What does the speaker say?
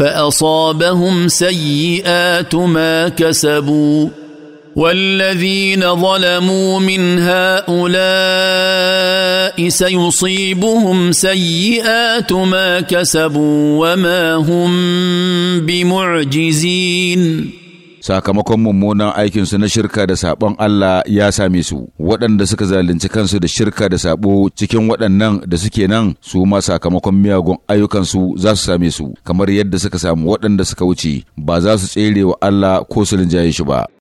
فاصابهم سيئات ما كسبوا والذين ظلموا من هؤلاء سيصيبهم سيئات ما كسبوا وما هم بمعجزين sakamakon mummunan aikinsu na shirka da sabon Allah ya same su waɗanda suka zalunci kansu da shirka da sabo cikin waɗannan da suke nan su ma sakamakon miyagun ayyukansu za su same su kamar yadda suka samu waɗanda suka wuce ba za su tsere wa Allah ko su rinjaye shi ba